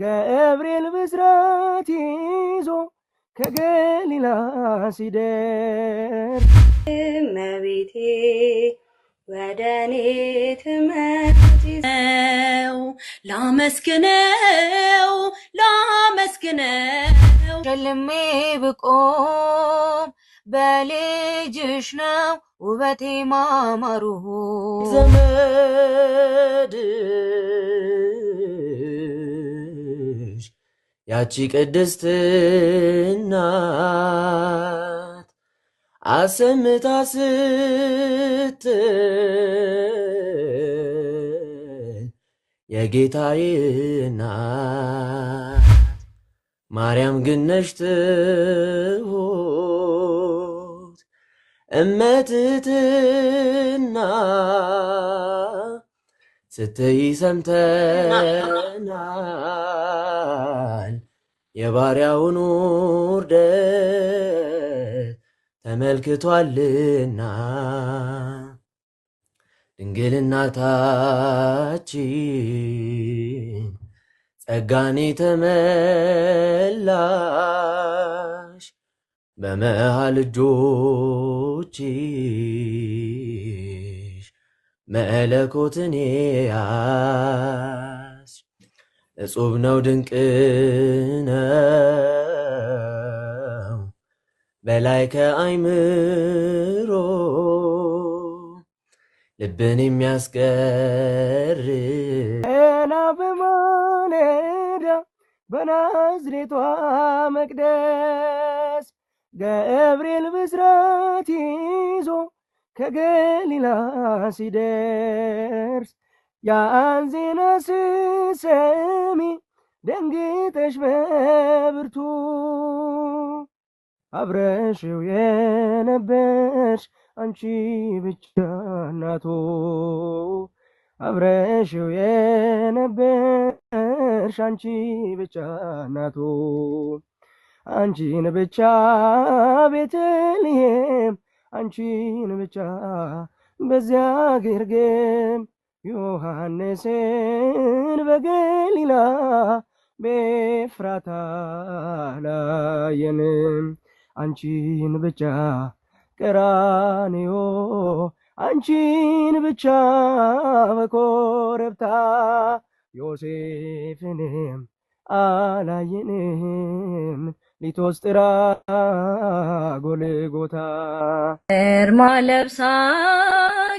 ገብርኤል ብስራት ይዞ ከገሊላ ሲደር እመቤቴ ወደ እኔ ትመጪው ላመስግነው ላመስግነው ሸልሜ ብቆም በልጅሽ ነው ውበቴ ማማሩ ዘመድ ያቺ ቅድስት እናት አሰምታ ስትል የጌታዬ እናት ማርያም ግነሽ ትሁት እመትትና ስትይ ሰምተና የባሪያውን ውርደት ተመልክቷልና ድንግልናታችን ጸጋን የተመላሽ በመሃል እጆችሽ መለኮትን ያ እጹብ ነው ድንቅ ነው በላይ ከአይምሮ ልብን የሚያስገር ና በማለዳ በናዝሬቷ መቅደስ ገብርኤል ብስራት ይዞ ከገሊላ ሲደርስ ያአንዚነ ስሰሚ ደንግጠሽ በብርቱ አብረሽው የነበርሽ አንቺ ብቻ እናቱ አብረሽው የነበርሽ አንቺ ብቻ እናቱ አንቺን ብቻ ቤተልሔም አንቺን ብቻ በዚያ ግርግም ዮሐንስን በገሊላ በኤፍራታ ላየን አንቺን ብቻ ቀራንዮ አንቺን ብቻ በኮረብታ ዮሴፍንም አላየንም። ሊቶስጥራ ጎልጎታ ግርማ ለብሳ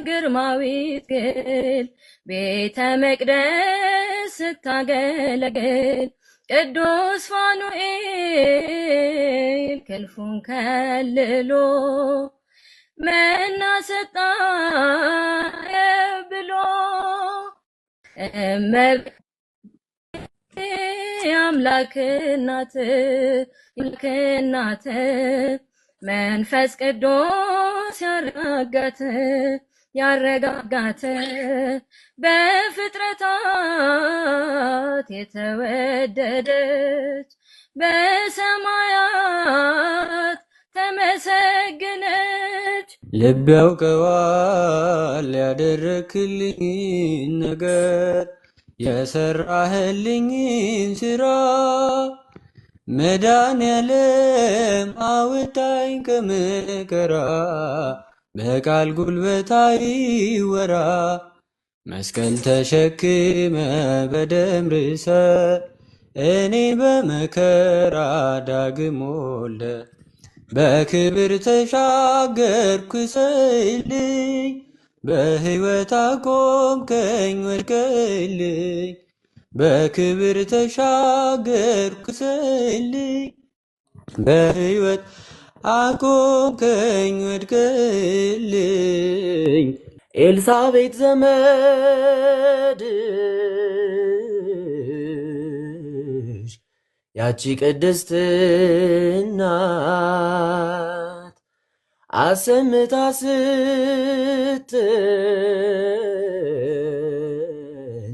ግርማዊት ግል ቤተ መቅደስ ስታገለግል ቅዱስ ፋኑኤል ክልፉን ከልሎ መና ሰጣ ብሎ የአምላክ እናት የአምላክ እናት መንፈስ ቅዱስ ያረጋጋት ያረጋጋት በፍጥረታት የተወደደች በሰማያት ተመሰግነች። ልብ ያውቀዋል ያደረክልኝ ነገር የሰራህልኝን ስራ መድኃኔዓለም አውጣኝ ከመከራ በቃል ጉልበታይ ወራ መስቀል ተሸክመ በደም ርዕሰ እኔ በመከራ ዳግም ወልደ በክብር ተሻገርኩ ሰይልኝ በሕይወት አቆምከኝ ወድቀልኝ በክብር ተሻገርኩ ስልኝ በሕይወት አቆምከኝ ወድቀህልኝ ኤልሳቤት ዘመድሽ ያቺ ቅድስት እናት አሰምታ ስትል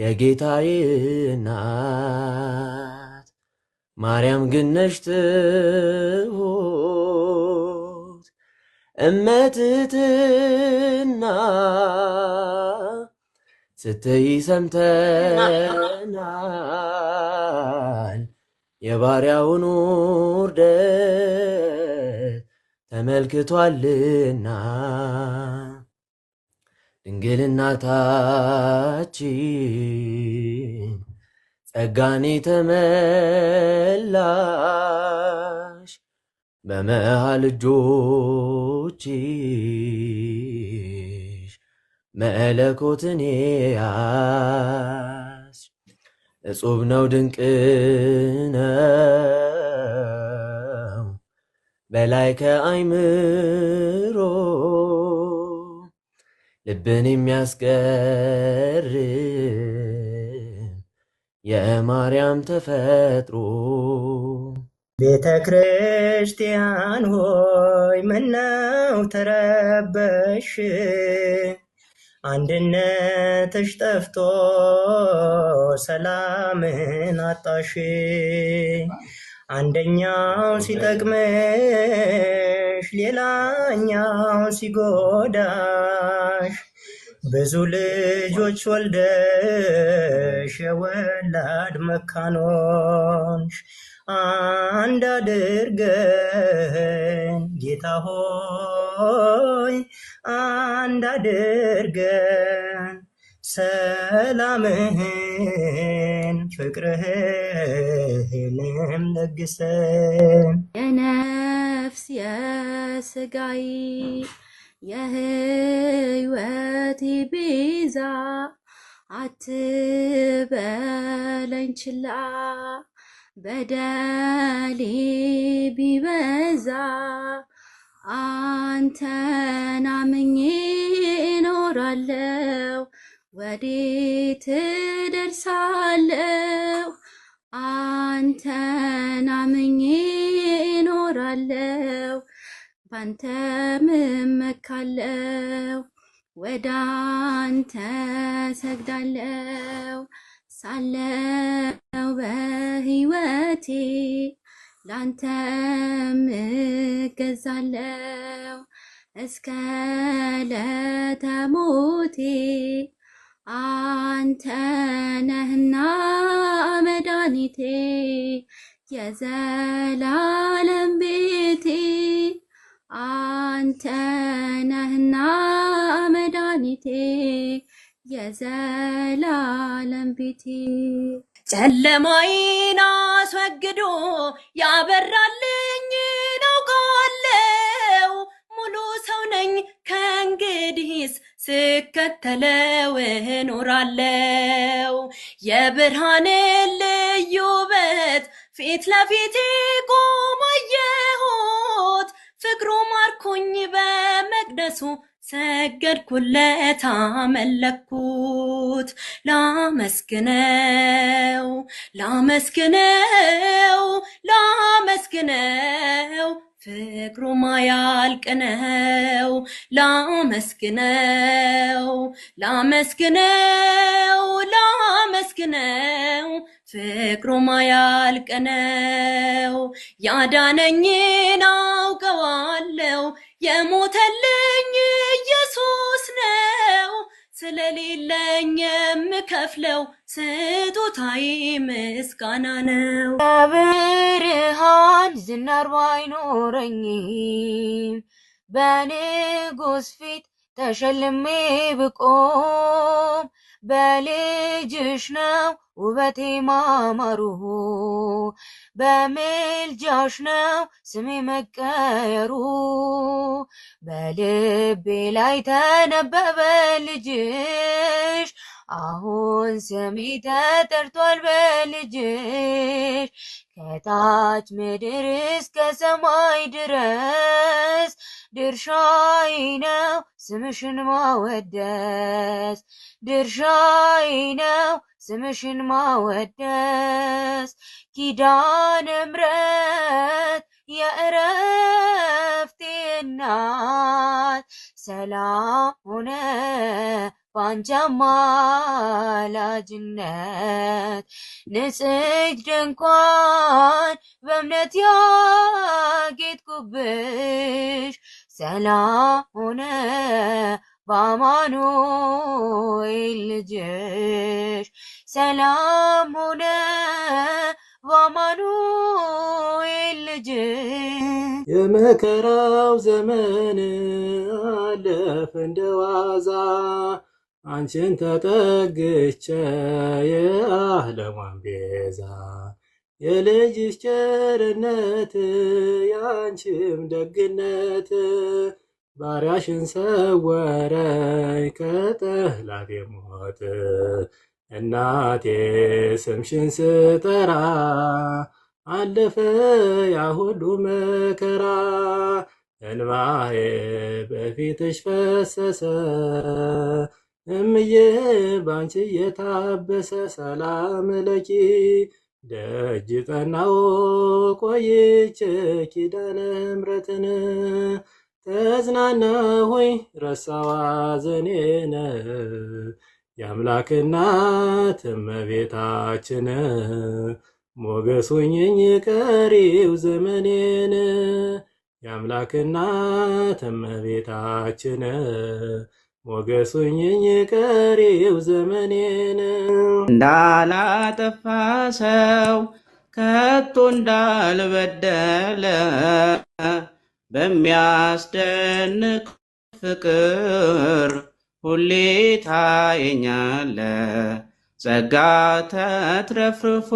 የጌታዬ እናት ማርያም ግነሽ ትሁት እመትትና ስትይ ሰምተናል የባሪያውን ውርደት ተመልክቷልና ድንግልናታችን ጸጋኔ ተመላሽ በመሃል እጆችሽ መለኮትን ያስ እጹብ ነው ድንቅ ነው በላይ ከአይምሮ ልብን የሚያስገርም የማርያም ተፈጥሮ ቤተ ክርስቲያን ሆይ ምነው ተረበሽ? አንድነትሽ ጠፍቶ ሰላምን አጣሽ። አንደኛው ሲጠቅምሽ ሌላኛው ሲጎዳሽ ብዙ ልጆች ወልደሽ የወላድ መካኖንሽ አንድ አድርገን ጌታ ሆይ አንድ አድርገን ሰላምህን አድነን ፍቅርህንም ለግሰን የነፍስ የስጋይ የህይወቴ ቤዛ አትበለኝ ችላ በደሌ ቢበዛ አንተን አምኜ እኖራለሁ። ወዴት ደርሳለሁ? አንተን አምኜ እኖራለሁ፣ ባንተ ምመካለው ወደ አንተ ሰግዳለው። ሳለው በህይወቴ ላንተ ምገዛለው እስከ ለተሞቴ አንተ ነህና መድኃኒቴ የዘላለም ቤቴ አንተ ነህና መድኃኒቴ የዘላለም ቤቴ ጨለማዬን አስወግዶ ያበራል ስከተለው እኖራለው የብርሃንን ልዩ ውበት ፊት ለፊቴ ቆሞ ፍቅሩ ማርኮኝ በመቅደሱ ሰገድኩለት አመለኩት ላመስግነው ላመስግነው ላመስግነው ፍቅሩ ማያልቅ ነው። ላመስግነው ላመስግነው ላመስግነው ፍቅሩ ማያልቅ ነው። ያዳነኝን አውቀዋለው የሞተልኝ ስለሌለኝ የምከፍለው ስጦታዬ ምስጋና ነው። በብርሃን ዝናር ባይኖረኝ በንጉሥ ፊት ተሸልሜ ብቆም በልጅሽ ነው ውበቴ ማማሩ በምልጃሽ ነው ስሜ መቀየሩ በልቤ ላይ ተነበበ ልጅሽ አሁን ስሜ ተጠርቷል በልጅሽ ከታች ምድር እስከ ሰማይ ድረስ ድርሻዬ ነው ስምሽን ማወደስ ድርሻዬ ነው ስምሽን ማወደስ ኪዳነ ምሕረት የእረፍቴ እናት ሰላም ሆነ ባንቺ አማላጅነት ንጽሕት ድንኳን በእምነት ያጌጥኩብሽ ሰላም ሆነ በአማኑኤል ልጅሽ ሰላም ሆነ በአማኑኤል ልጅሽ። የመከራው ዘመን አለፈ እንደዋዛ አንቺን ተጠግቼ የዓለሟን ቤዛ የልጅሽ ቸርነት የአንቺም ደግነት ባሪያሽን ሰወረኝ ከጠላቴ ሞት እናቴ ስምሽን ስጠራ አለፈ ያ ሁሉ መከራ እንባዬ በፊትሽ ፈሰሰ እምዬ ባንቺ የታበሰ ሰላም ለኪ ደጅ ጠናው ቆይቼ ኪዳነ ምሕረትን ተዝናናሁኝ ረሳዋ ዘኔነ የአምላክና እመቤታችን ሞገሱኝኝ ቀሪው ዘመኔን የአምላክና እመቤታችን ሞገሱኝኝ ቀሪው ዘመኔን እንዳላጠፋ ሰው ከቶ እንዳልበደለ በሚያስደንቅ ፍቅር ሁሌ ታየኛለ ጸጋ ተትረፍርፎ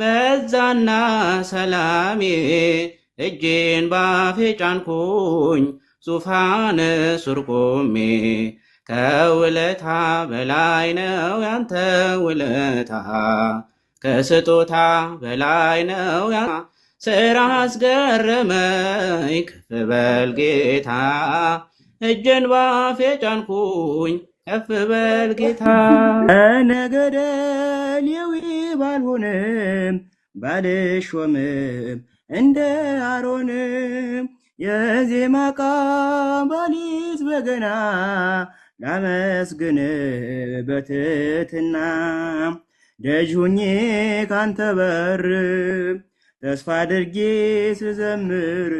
በዛና ሰላሜ እጄን ባፌ ጫንኩኝ ዙፋን ስር ቆሜ ከውለታ በላይ ነው ያንተ ውለታ ከስጦታ በላይ ነው ስራ አስገረመኝ ከፍ በል ጌታ እጄን ባፌ ጫንኩኝ ከፍ በል ጌታ ነገደ ሌዊ ባልሆንም ባልሾምም እንደ አሮንም የዜማ ዕቃ ባሊዝ በገና ላመስግን በትትና ደጅ ሁኜ ካንተ በርም ተስፋ አድርጌ ስዘምር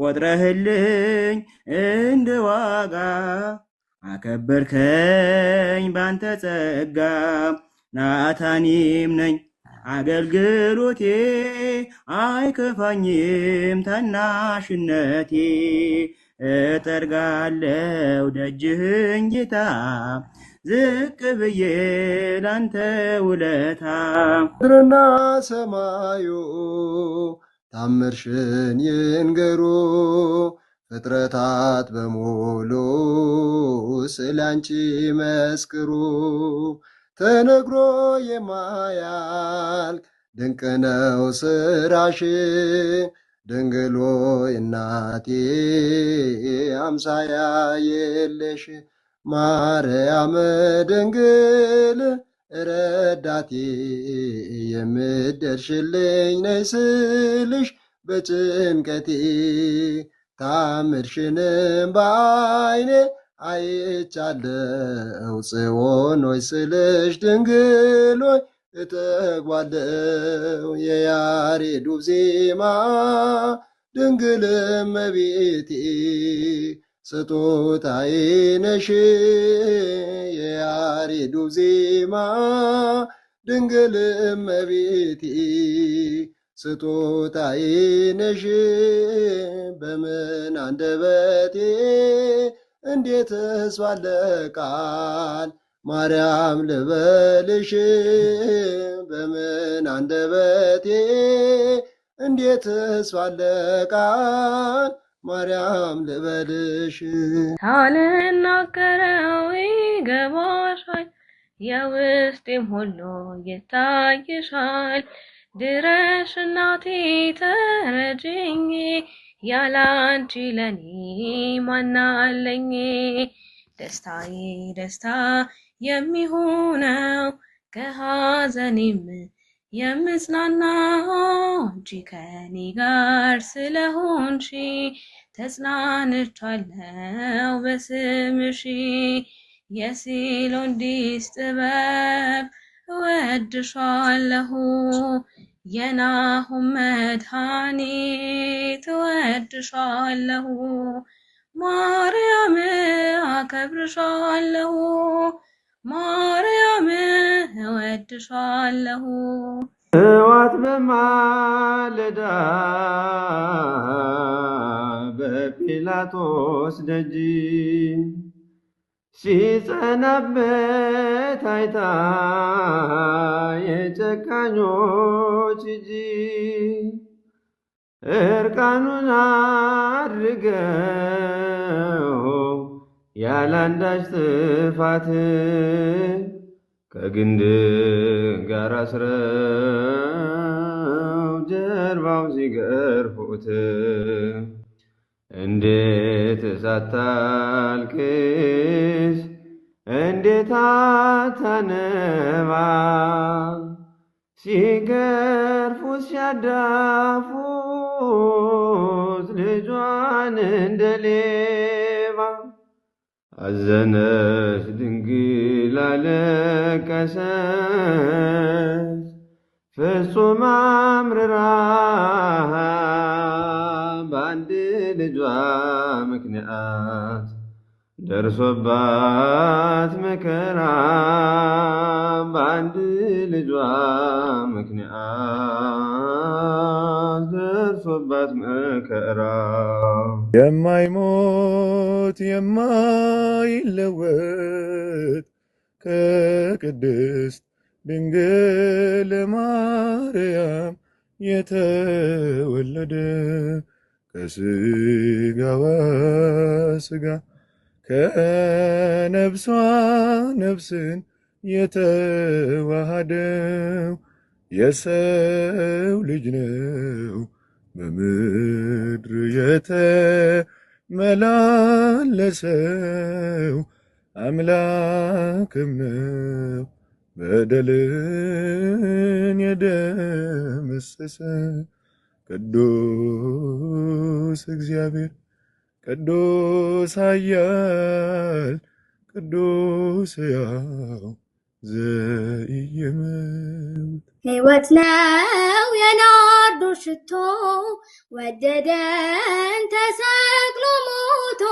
ቆጥረህልኝ እንደ ዋጋ አከበርከኝ ባንተ ጸጋ ናታኒም ነኝ አገልግሎቴ አይከፋኝም ታናሽነቴ እጠርጋለው ደጅህን ጌታ ዝቅ ብዬ ላንተ ውለታ ምድርና ሰማዩ ታምርሽን ይንገሩ ፍጥረታት በሙሉ ስላንቺ መስክሩ። ተነግሮ የማያልቅ ድንቅ ነው ስራሽ ድንግሎ እናቴ አምሳያ የለሽ ማርያም ድንግል ረዳቴ የምደርሽልኝ ነይ ስልሽ በጭንቀቴ ታምርሽንም በአይኔ አይቻለው ጽዮን ሆይ ስልሽ ድንግል ሆይ እተጓለው የያሬዱ ዜማ ድንግልም ቤቴ ስጦታዬ ነሽ የያሬዱ ዜማ ድንግል እመቤቴ ስጦታዬ ነሽ በምን አንደበቴ እንዴት እስባለ ቃል ማርያም ልበልሽ በምን አንደበቴ እንዴት እስባለ ቃል ማርያም ልበልሽ ሳልናገረው ይገባሻል፣ የውስጤም ሁሉ ይታይሻል። ድረሽ እናቴ ተረጅኝ፣ ያላንቺ ለኔ ማናለኝ። ደስታዬ ደስታ የሚሆነው ከሐዘኔም የምጽናና አንቺ ከኔ ጋር ስለሆንሽ ተጽናንቻለሁ በስምሽ። የሲሎንዲስ ጥበብ እወድሻለሁ የናሁም መድኃኒት እወድሻለሁ ማርያም አከብርሻለሁ ማርያም እወድሻለሁ። እዋት በማለዳ በጲላጦስ ደጅ ሲጸናበት አይታ የጨካኞች እጅ እርቃኑን አድርገው ያላንዳች ጥፋት ከግንድ ጋር አስረው ጀርባው ሲገርፉት እንዴት ሳታልክስ እንዴት አታነባ ሲገርፉት ሲያዳፉት ልጇን እንደሌ አዘነች ድንግል አለቀሰች ፍጹም አምርራ በአንድ ልጇ ምክንያት ደርሶባት መከራ በአንድ ልጇ ምክንያት በደረሱባት መከራ የማይሞት የማይለወጥ ከቅድስት ድንግል ማርያም የተወለደ ከስጋዋ ስጋ ከነብሷ ነብስን የተዋሃደው የሰው ልጅ ነው። በምድር የተመላለሰው አምላክም ነው በደልን የደመሰሰ ቅዱስ እግዚአብሔር ቅዱስ ኃያል ቅዱስ ሕያው ዘኢይመውት ህይወት ነው የናርዱ ሽቶ ወደደን ተሰቅሎ ሞቶ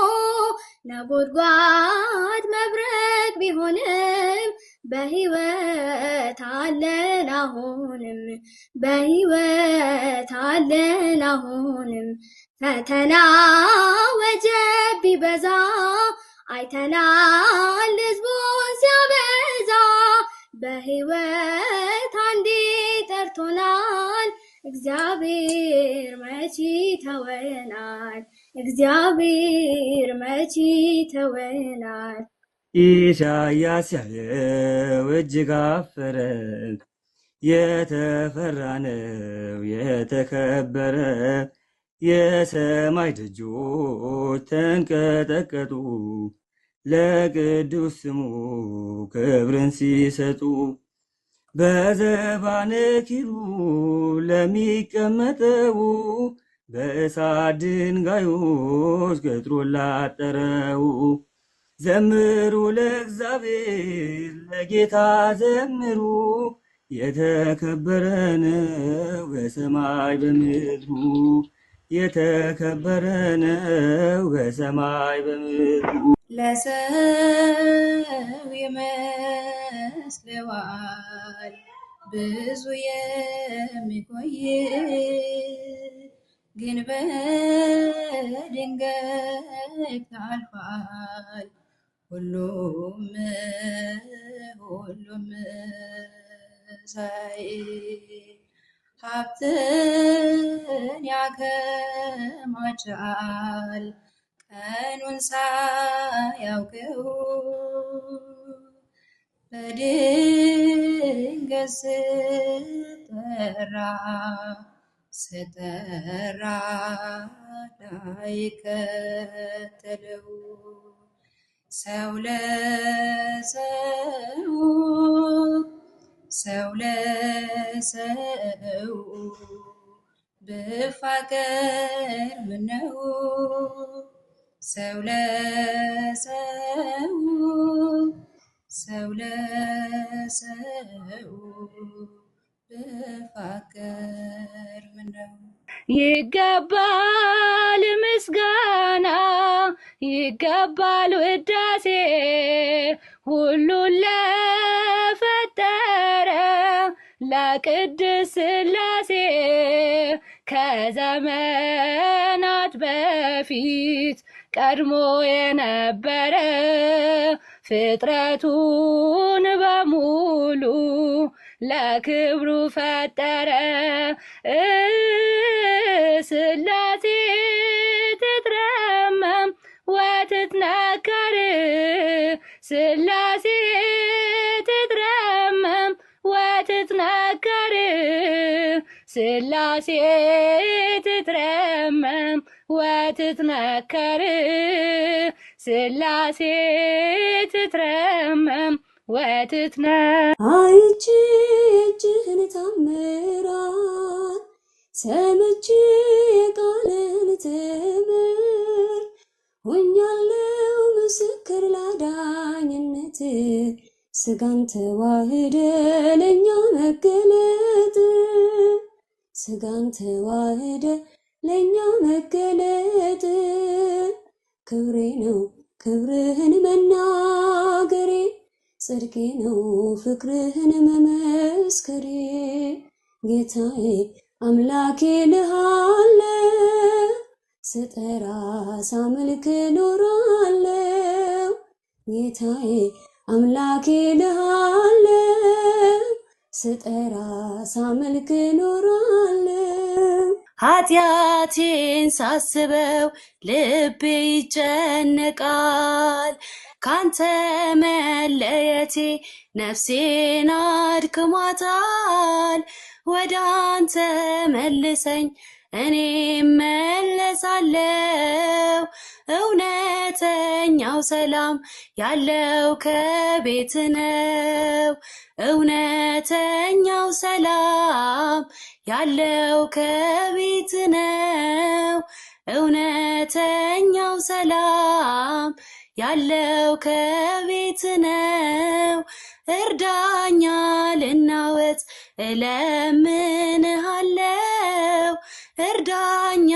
ነጎድጓድ መብረቅ ቢሆንም በሕይወት አለን አሁንም በሕይወት አለን አሁንም ፈተና ወጀብ ቢበዛ አይተናል ሕዝቡን ሲያበዛ በህይወት አንዴ ጠርቶናል። እግዚአብሔር መቼ ተወናል? እግዚአብሔር መቼ ተወናል? ኢሳያስ ያየው እጅግ አፈረ፣ የተፈራ ነው የተከበረ። የሰማይ ደጆች ተንቀጠቀጡ ለቅዱስ ስሙ ክብርን ሲሰጡ በዘባነ ኪሩ ለሚቀመጠው በእሳት ድንጋዮች ገጥሮ ላጠረው ዘምሩ ለእግዚአብሔር ለጌታ ዘምሩ፣ የተከበረ በሰማይ በምድሩ፣ የተከበረ በሰማይ በምድሩ። ለሰው ይመስለዋል ብዙ የሚቆይ ግን በድንገት ታልፋል ሁሉም ሁሉም ሳይ ሀብትን ያከማቻል እንውንሳ ያውቅሁ በድንገት ስጠራ ስጠራ ላይከተለው ሰው ለሰው ሰው ለሰው ብፋገር ምነው ሰው ለሰው ሰው ለሰው ይገባል ምስጋና ይገባል ውዳሴ ሁሉን ለፈጠረ ለቅድስ ስላሴ ከዘመናት በፊት ቀድሞ የነበረ ፍጥረቱን በሙሉ ለክብሩ ፈጠረ። ስላሴ ትትረመም ወትትነከር ስላሴ ትትረመም ወትትነከር ስላሴ ትትረመም ወትትመከር ስላሴ ትትረመም ወትትነ አይቺ እጅህን ታምራት ሰምቺ ቃልን ትምር ሆኛለው ምስክር ላዳኝነት ስጋን ተዋህደ ለእኛ መገለጥ ስጋን ተዋህደ ለእኛ መገለጥ ክብሬ ነው ክብርህን መናገሬ ጽድቄ ነው ፍቅርህን መመስከሬ ጌታዬ አምላኬ ልሃለ ስጠራ ሳመልክ ኖራለው ጌታዬ አምላኬ ልሃለ ስጠራ ሳመልክ ኖራለው ኃጢአቴን ሳስበው ልቤ ይጨነቃል። ካንተ መለየቴ ነፍሴን አድክሟታል። ወደ አንተ መልሰኝ እኔ መለሳለው እውነተኛው ሰላም ያለው ከቤት ነው። እውነተኛው ሰላም ያለው ከቤት ነው። እውነተኛው ሰላም ያለው ከቤት ነው። እርዳኛ ልናወት እለምንሃለው እርዳኛ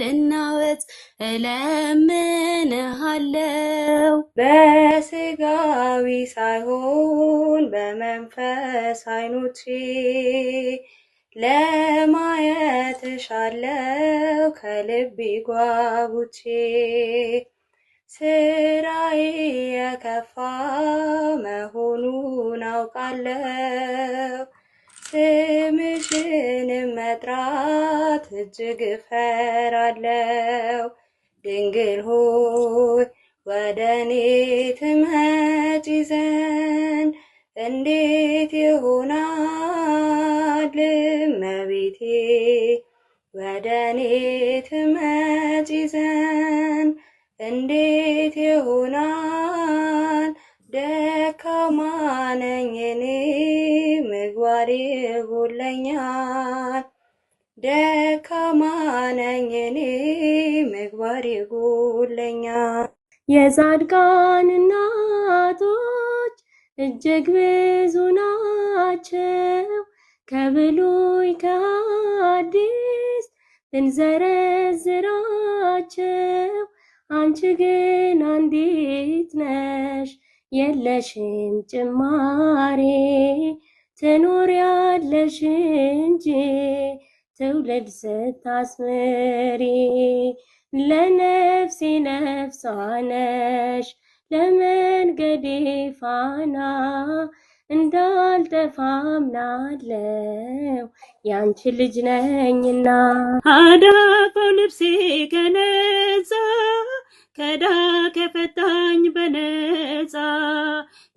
ልናወት እለምንሃለው። በስጋዊ ሳይሆን በመንፈስ አይኖቼ ለማየት ሻለው ከልቤ ጓጉቼ ስራዬ የከፋ መሆኑን አውቃለው። ስምሽን መጥራት እጅግ ፈራለው። ድንግል ሆይ ወደ እኔ ትመጪ ዘንድ እንዴት ይሆናል? እመቤቴ ወደ እኔ ትመጪ ዘንድ እንዴት ይሆናል? ደካማ ነኝ እኔ ይጎለኛል። ደካማ ነኝ እኔ ምግባር ይጎለኛል። የጻድቃን እናቶች እጅግ ብዙ ናቸው። ከብሉይ ከአዲስ ብንዘረዝራቸው አንቺ ግን አንዲት ነሽ የለሽም ጭማሬ ትኖሪያለሽ እንጂ ትውልድ ስታስምሪ ለነፍሴ ነፍሳነሽ ለመንገዴ ፋና እንዳልጠፋ አምናለው ያንቺ ልጅ ነኝና አዳቀው ልብሴ ከነዛ ከዳ ከፈታ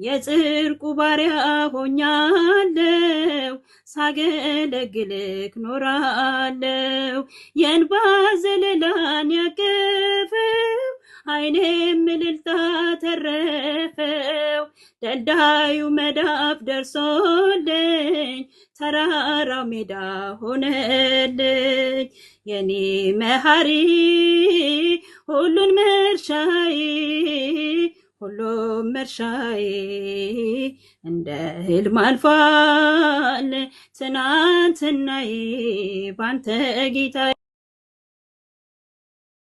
የጽድቁ ባሪያ ሆኛለው ሳገለግልክ ኖራለው የእንባ ዘለላን ያገፈው አይኔም እልልታ ተረፈው ደልዳዩ መዳፍ ደርሶለኝ ተራራው ሜዳ ሆነልኝ የኔ መሐሪ ሁሉን መርሻዬ ሁሉም መርሻዬ እንደ ህልም አልፏል ትናንትናዬ ባንተ ጌታዬ